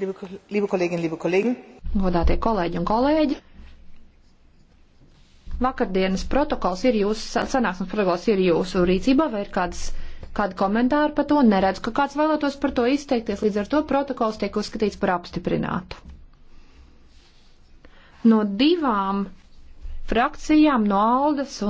liebe Kolleginnen, liebe Kollegen. Godātie kolēģi un kolēģi. Vakardienas protokols ir jūsu, sanāksmes protokols ir jūsu rīcībā, vai ir kāds, kādi komentāri par to? Neredz, ka kāds vēlētos par to izteikties, līdz ar to protokols tiek uzskatīts par apstiprinātu. No divām frakcijām, no Aldas un